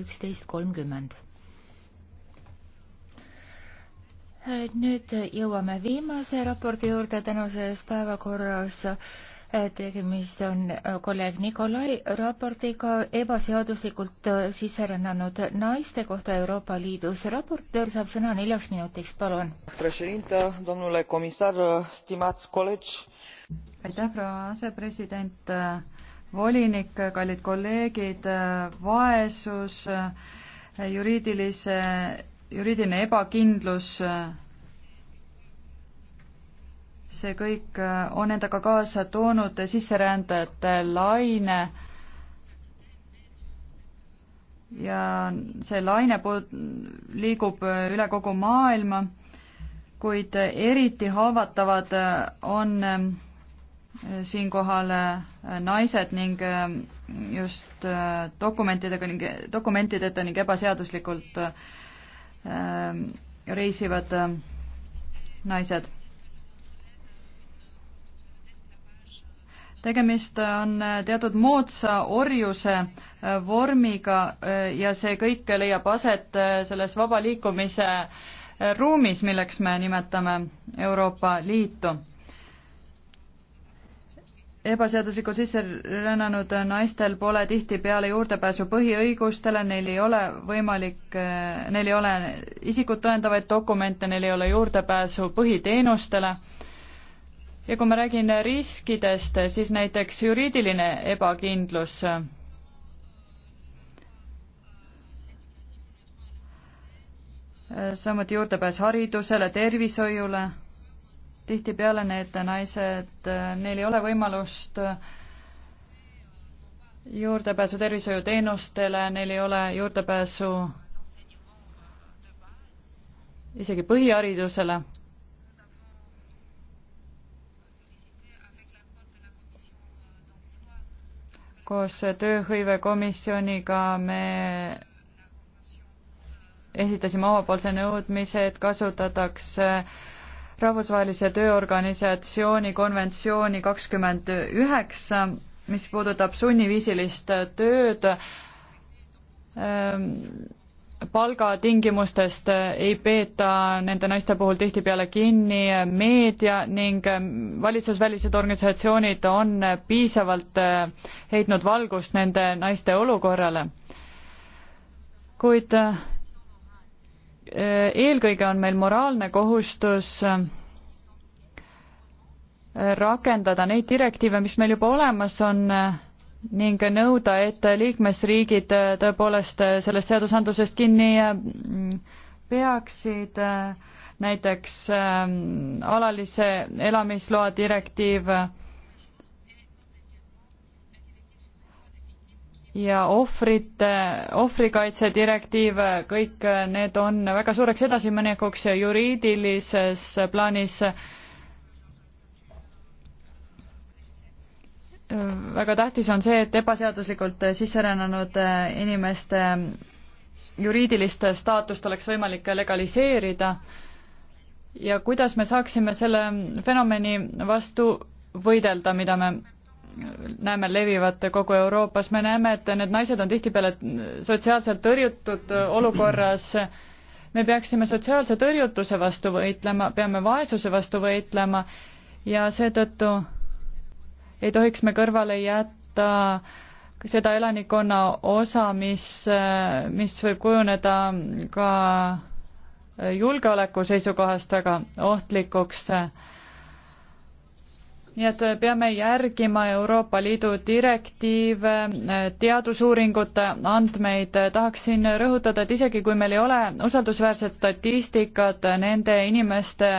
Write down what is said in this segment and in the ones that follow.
üksteist kolmkümmend. nüüd jõuame viimase raporti juurde tänases päevakorras. tegemist on äh, kolleeg Nikolai raportiga ebaseaduslikult äh, sisserännanud naiste kohta Euroopa Liidus. raportöör saab sõna neljaks minutiks, palun. aitäh, proua asepresident volinik, kallid kolleegid, vaesus, juriidilise, juriidiline ebakindlus, see kõik on endaga kaasa toonud sisserändajate laine ja see laine liigub üle kogu maailma, kuid eriti haavatavad on siinkohal äh, naised ning äh, just äh, dokumentidega ning dokumentideta ning ebaseaduslikult reisivad naised. tegemist on teatud moodsa orjuse vormiga ja see kõik leiab aset selles vaba liikumise ruumis, milleks me nimetame Euroopa Liitu ebaseaduslikult sisse rännanud naistel pole tihtipeale juurdepääsu põhiõigustele, neil ei ole võimalik, neil ei ole isikut tõendavaid dokumente, neil ei ole juurdepääsu põhiteenustele. ja kui ma räägin riskidest, siis näiteks juriidiline ebakindlus. samuti juurdepääs haridusele, tervishoiule tihtipeale need naised, neil ei ole võimalust juurdepääsu tervishoiuteenustele, neil ei ole juurdepääsu isegi põhiharidusele. koos tööhõivekomisjoniga me esitasime omapoolse nõudmise, et kasutatakse äh, rahvusvahelise tööorganisatsiooni konventsiooni kakskümmend üheksa, mis puudutab sunniviisilist tööd ähm, palgatingimustest ei peeta nende naiste puhul tihtipeale kinni, meedia ning ähm, valitsusvälised organisatsioonid on piisavalt äh, heitnud valgust nende naiste olukorrale. kuid äh, Äh, eelkõige on meil moraalne kohustus äh, rakendada neid direktiive, mis meil juba olemas on äh, ning nõuda, et liikmesriigid tõepoolest sellest seadusandlusest kinni peaksid, näiteks alalise elamisloa direktiiv ja ohvrite, ohvrikaitse direktiiv, kõik need on väga suureks edasiminekuks juriidilises plaanis väga tähtis on see, et ebaseaduslikult sisserännanud inimeste juriidilist staatust oleks võimalik legaliseerida ja kuidas me saaksime selle fenomeni vastu võidelda, mida me näeme levivat kogu Euroopas, me näeme, et need naised on tihtipeale sotsiaalselt tõrjutud olukorras, me peaksime sotsiaalse tõrjutuse vastu võitlema, peame vaesuse vastu võitlema ja seetõttu ei tohiks me kõrvale jätta seda elanikkonna osa, mis, mis võib kujuneda ka julgeoleku seisukohast väga ohtlikuks äh, nii et peame järgima Euroopa Liidu direktiive, eh, teadusuuringute andmeid, tahaksin rõhutada, et isegi kui meil ei ole usaldusväärset statistikat nende inimeste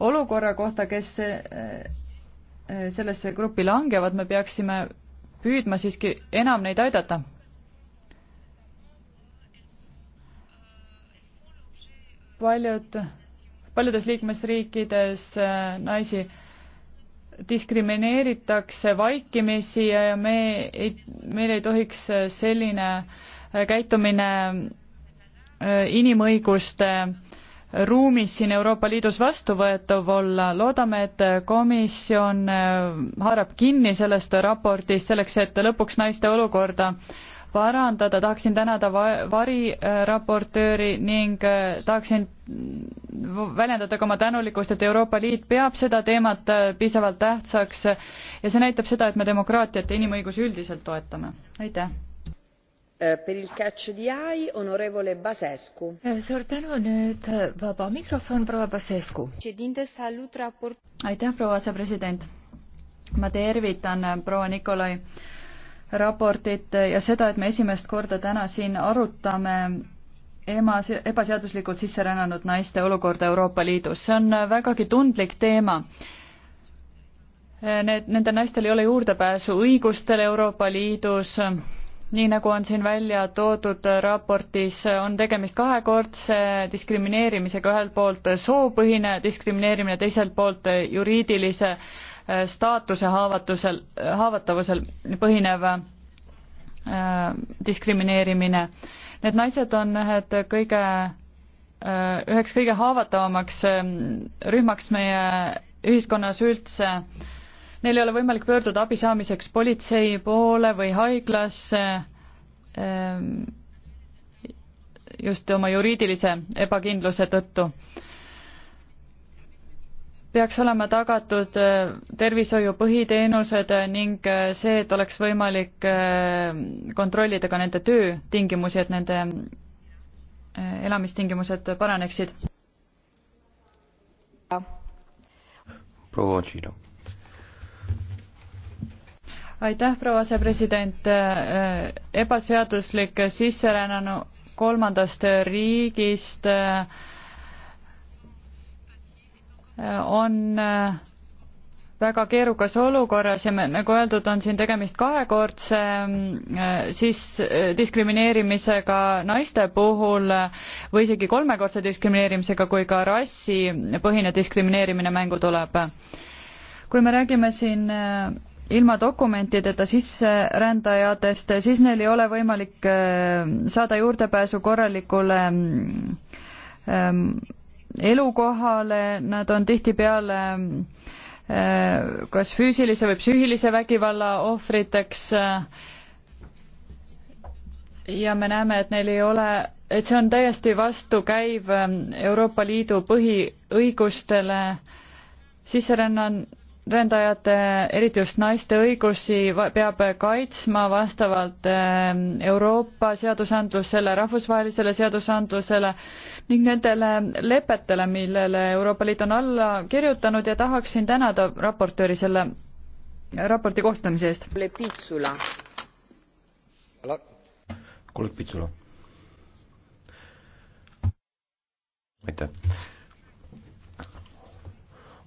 olukorra kohta, kes eh, eh, sellesse gruppi langevad, me peaksime püüdma siiski enam neid aidata. paljud, paljudes liikmesriikides naisi äh, diskrimineeritakse vaikimisi ja me ei, meil ei tohiks selline käitumine äh, inimõiguste ruumis siin Euroopa Liidus vastuvõetav olla, loodame, et komisjon äh, haarab kinni sellest raportist selleks, et lõpuks naiste olukorda äh, parandada, tahaksin tänada variraportööri ning äh, tahaksin väljendada ka oma tänulikkust, et Euroopa Liit peab seda teemat äh, piisavalt tähtsaks ja see näitab seda, et me demokraatiat ja inimõigusi üldiselt toetame. aitäh! Äh, suur tänu nüüd vaba mikrofon proua Basescu. aitäh, proua asepresident! ma tervitan proua Nikolai raportit ja seda, et me esimest korda täna siin arutame ema, ebaseaduslikult sisse rännanud naiste olukorda Euroopa Liidus, see on vägagi tundlik teema. Need, nendel naistel ei ole juurdepääsu õigustele Euroopa Liidus, nii nagu on siin välja toodud raportis, on tegemist kahekordse diskrimineerimisega, ühelt poolt soopõhine diskrimineerimine, teiselt poolt juriidilise äh, staatuse haavatusel, haavatavusel põhinev äh, diskrimineerimine. Need naised on ühed kõige äh,, üheks kõige haavatavamaks äh, rühmaks meie ühiskonnas üldse. Neil ei ole võimalik pöörduda abi saamiseks politsei poole või haiglasse ähm, just oma juriidilise ebakindluse tõttu peaks olema tagatud äh, tervishoiu põhiteenused äh, ning äh, see, et oleks võimalik kontrollida ka nende töötingimusi, et nende elamistingimused paraneksid. proua Otsilo. aitäh, proua asepresident. ebaseaduslik sisserännanu kolmandast riigist äh, on äh, väga keerukas olukorras ja me, nagu öeldud, on siin tegemist kahekordse äh, siis äh, diskrimineerimisega naiste puhul või isegi kolmekordse diskrimineerimisega, kui ka rassipõhine diskrimineerimine mängu tuleb. kui me räägime siin ilma dokumentideta sisserändajatest, siis neil ei ole võimalik saada juurdepääsu korralikule mm, ähm, elukohale, nad on tihtipeale äh, kas füüsilise või psüühilise vägivalla ohvriteks. Äh, ja me näeme, et neil ei ole, et see on täiesti vastukäiv äh, Euroopa Liidu põhiõigustele. sisserännan-, rändajate, eriti just naiste õigusi peab kaitsma vastavalt ähm, Euroopa seadusandlusele, rahvusvahelisele seadusandlusele ning nendele lepetele, millele Euroopa Liit on alla kirjutanud ja tahaksin tänada raportööri selle raporti koostamise eest. kolleeg Pitsula. aitäh.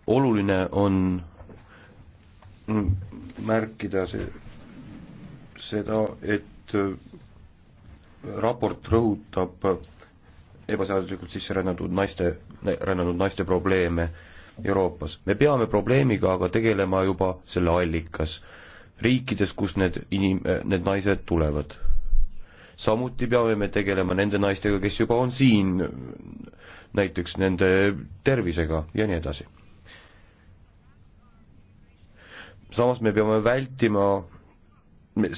oluline on märkida see, seda, et äh, raport rõhutab ebaseaduslikult sisse rännanud naiste, rännanud naiste probleeme Euroopas. me peame probleemiga aga tegelema juba selle allikas, riikides, kus need inim-, need naised tulevad. samuti peame me tegelema nende naistega, kes juba on siin, näiteks nende tervisega ja nii edasi samas me peame vältima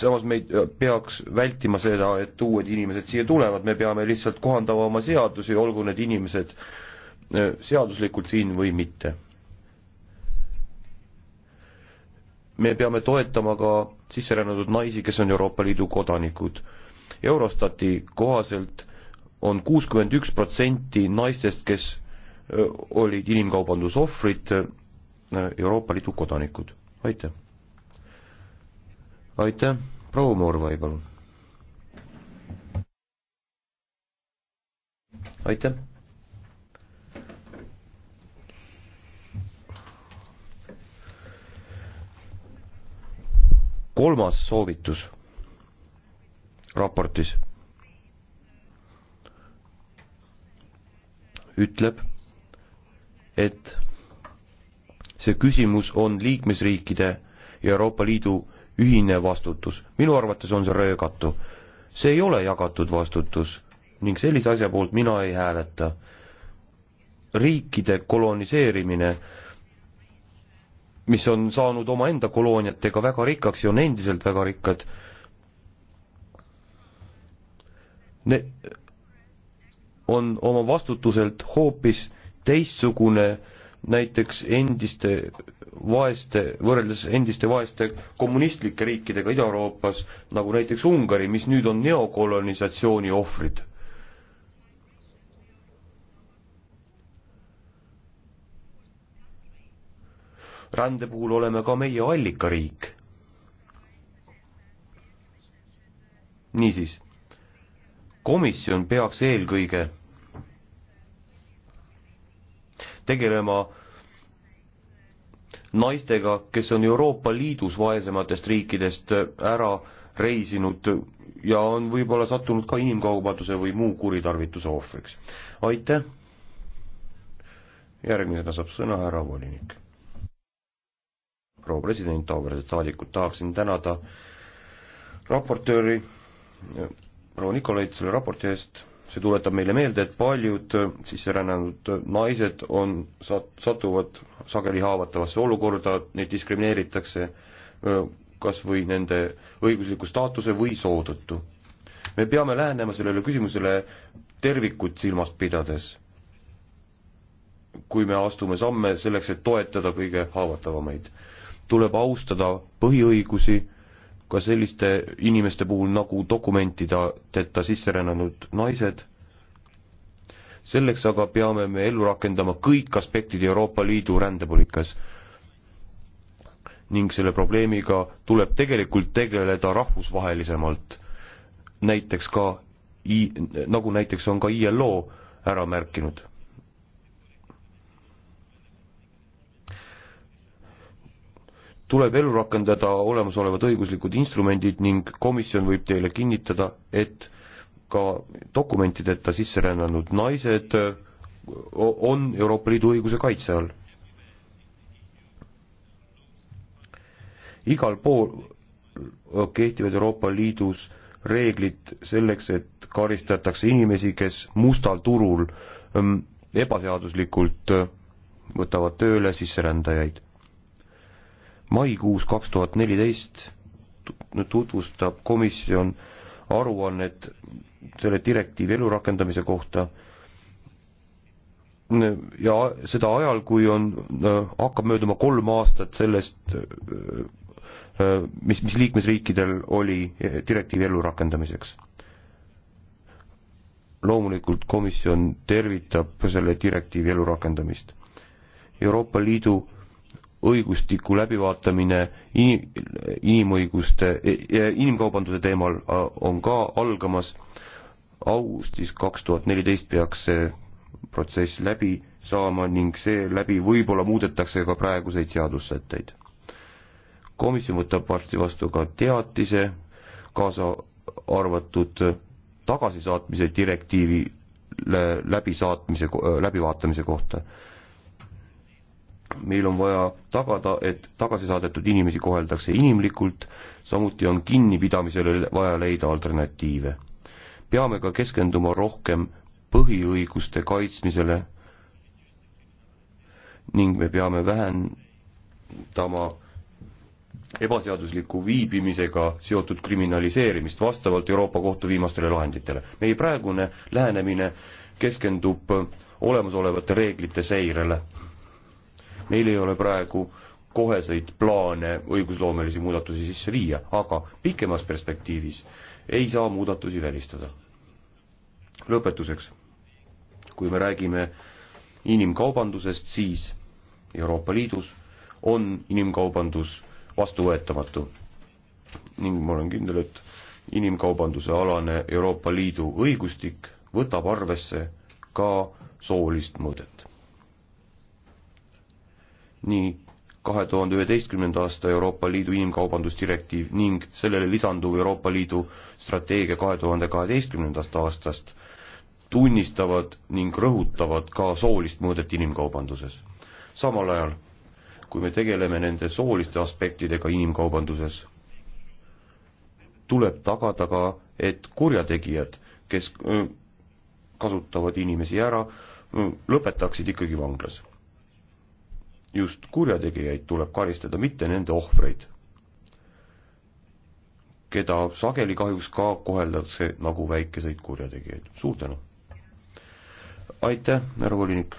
samas me ei peaks vältima seda, et uued inimesed siia tulevad, me peame lihtsalt kohandama oma seadusi, olgu need inimesed äh, seaduslikult siin või mitte. me peame toetama ka sisserännatud naisi, kes on Euroopa Liidu kodanikud. Eurostati kohaselt on kuuskümmend üks protsenti naistest, kes äh, olid inimkaubanduse ohvrid, äh, Euroopa Liidu kodanikud aitäh. aitäh, proua Morvai, palun. aitäh. kolmas soovitus raportis ütleb, et see küsimus on liikmesriikide ja Euroopa Liidu ühine vastutus. minu arvates on see röögatu. see ei ole jagatud vastutus ning sellise asja poolt mina ei hääleta. riikide koloniseerimine, mis on saanud omaenda kolooniatega väga rikkaks ja on endiselt väga rikkad, ne-, on oma vastutuselt hoopis teistsugune äh, näiteks endiste vaeste, võrreldes endiste vaeste kommunistlike riikidega Ida-Euroopas, nagu näiteks Ungari, mis nüüd on neokolonisatsiooni ohvrid. rände puhul oleme ka meie allikariik. niisiis, komisjon peaks eelkõige tegelema naistega, kes on Euroopa Liidus vaesematest riikidest ära reisinud ja on võib-olla sattunud ka inimkaubanduse või muu kuritarvituse ohvriks. aitäh! järgmisena saab sõna härra volinik. proua president, auväärsed saadikud, tahaksin tänada raportööri proua Nikolait selle raporti eest see tuletab meile meelde, et paljud sisserännanud naised on, satuvad sageli haavatavasse olukorda, neid diskrimineeritakse kas või nende õigusliku staatuse või soo tõttu. me peame lähenema sellele küsimusele tervikut silmas pidades, kui me astume samme selleks, et toetada kõige haavatavamaid. tuleb austada põhiõigusi ka selliste inimeste puhul nagu dokumentideta sisse rännanud naised. selleks aga peame me ellu rakendama kõik aspektid Euroopa Liidu rändepoliitikas. ning selle probleemiga tuleb tegelikult tegeleda rahvusvahelisemalt, näiteks ka, nagu näiteks on ka ILO ära märkinud tuleb ellu rakendada olemasolevad õiguslikud instrumendid ning komisjon võib teile kinnitada, et ka dokumentideta sisse rännanud naised äh, on Euroopa Liidu õiguse kaitse all. igal pool äh, kehtivad Euroopa Liidus reeglid selleks, et karistatakse inimesi, kes mustal turul ähm, ebaseaduslikult äh, võtavad tööle sisserändajaid maikuus kaks tuhat neliteist tutvustab komisjon aruannet selle direktiivi elurakendamise kohta ja seda ajal, kui on, hakkab mööduma kolm aastat sellest, mis, mis liikmesriikidel oli direktiivi ellurakendamiseks. loomulikult komisjon tervitab selle direktiivi ellurakendamist. Euroopa Liidu õigustiku läbivaatamine inim, inimõiguste, e-, e-, inimkaubanduse teemal on ka algamas. augustis kaks tuhat neliteist peaks see protsess läbi saama ning seeläbi võib-olla muudetakse ka praeguseid seadussätteid. komisjon võtab varsti vastu ka teatise, kaasa arvatud tagasisaatmise direktiivi läbisaatmise, läbivaatamise kohta meil on vaja tagada, et tagasi saadetud inimesi koheldakse inimlikult, samuti on kinnipidamisele vaja leida alternatiive. peame ka keskenduma rohkem põhiõiguste kaitsmisele ning me peame vähendama ebaseadusliku viibimisega seotud kriminaliseerimist vastavalt Euroopa Kohtu viimastele lahenditele. meie praegune lähenemine keskendub olemasolevate reeglite seirele meil ei ole praegu koheseid plaane õigusloomelisi muudatusi sisse viia, aga pikemas perspektiivis ei saa muudatusi välistada. lõpetuseks, kui me räägime inimkaubandusest, siis Euroopa Liidus on inimkaubandus vastuvõetamatu. ning ma olen kindel, et inimkaubanduse alane Euroopa Liidu õigustik võtab arvesse ka soolist mõõdet nii kahe tuhande üheteistkümnenda aasta Euroopa Liidu inimkaubandusdirektiiv ning sellele lisanduv Euroopa Liidu strateegia kahe tuhande kaheteistkümnendast aastast tunnistavad ning rõhutavad ka soolist mõõdet inimkaubanduses. samal ajal, kui me tegeleme nende sooliste aspektidega inimkaubanduses, tuleb tagada ka, et kurjategijad, kes kasutavad inimesi ära, lõpetaksid ikkagi vanglas just kurjategijaid tuleb karistada, mitte nende ohvreid, keda sageli kahjuks ka koheldakse nagu väikeseid kurjategijaid. suur tänu! aitäh, härra volinik!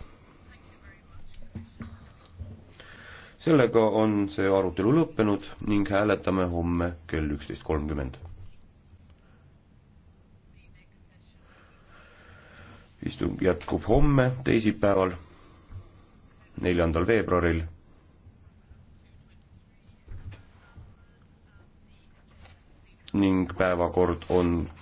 sellega on see arutelu lõppenud ning hääletame homme kell üksteist kolmkümmend. istung jätkub homme, teisipäeval neljandal veebruaril. ning päevakord on